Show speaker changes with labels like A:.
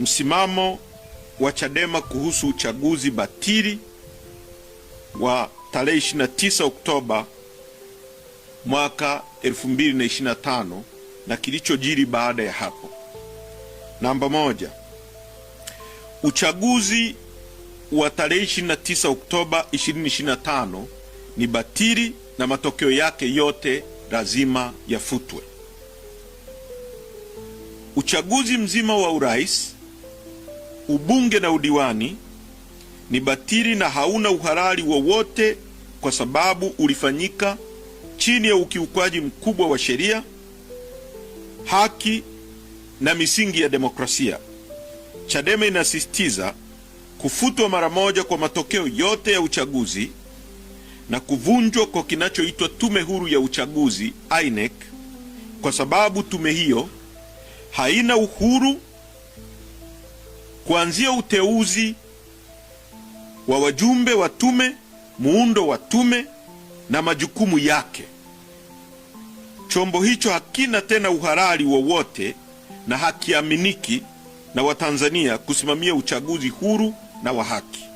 A: msimamo wa Chadema kuhusu uchaguzi batili wa tarehe 29 Oktoba mwaka 2025 na kilichojiri baada ya hapo. Namba moja, uchaguzi wa tarehe 29 Oktoba 2025 ni batili na matokeo yake yote lazima yafutwe. Uchaguzi mzima wa urais ubunge na udiwani ni batili na hauna uhalali wowote kwa sababu ulifanyika chini ya ukiukwaji mkubwa wa sheria, haki na misingi ya demokrasia. Chadema inasisitiza kufutwa mara moja kwa matokeo yote ya uchaguzi na kuvunjwa kwa kinachoitwa tume huru ya uchaguzi INEC, kwa sababu tume hiyo haina uhuru kuanzia uteuzi wa wajumbe wa tume, muundo wa tume na majukumu yake. Chombo hicho hakina tena uhalali wowote na hakiaminiki na Watanzania kusimamia uchaguzi huru na wa haki.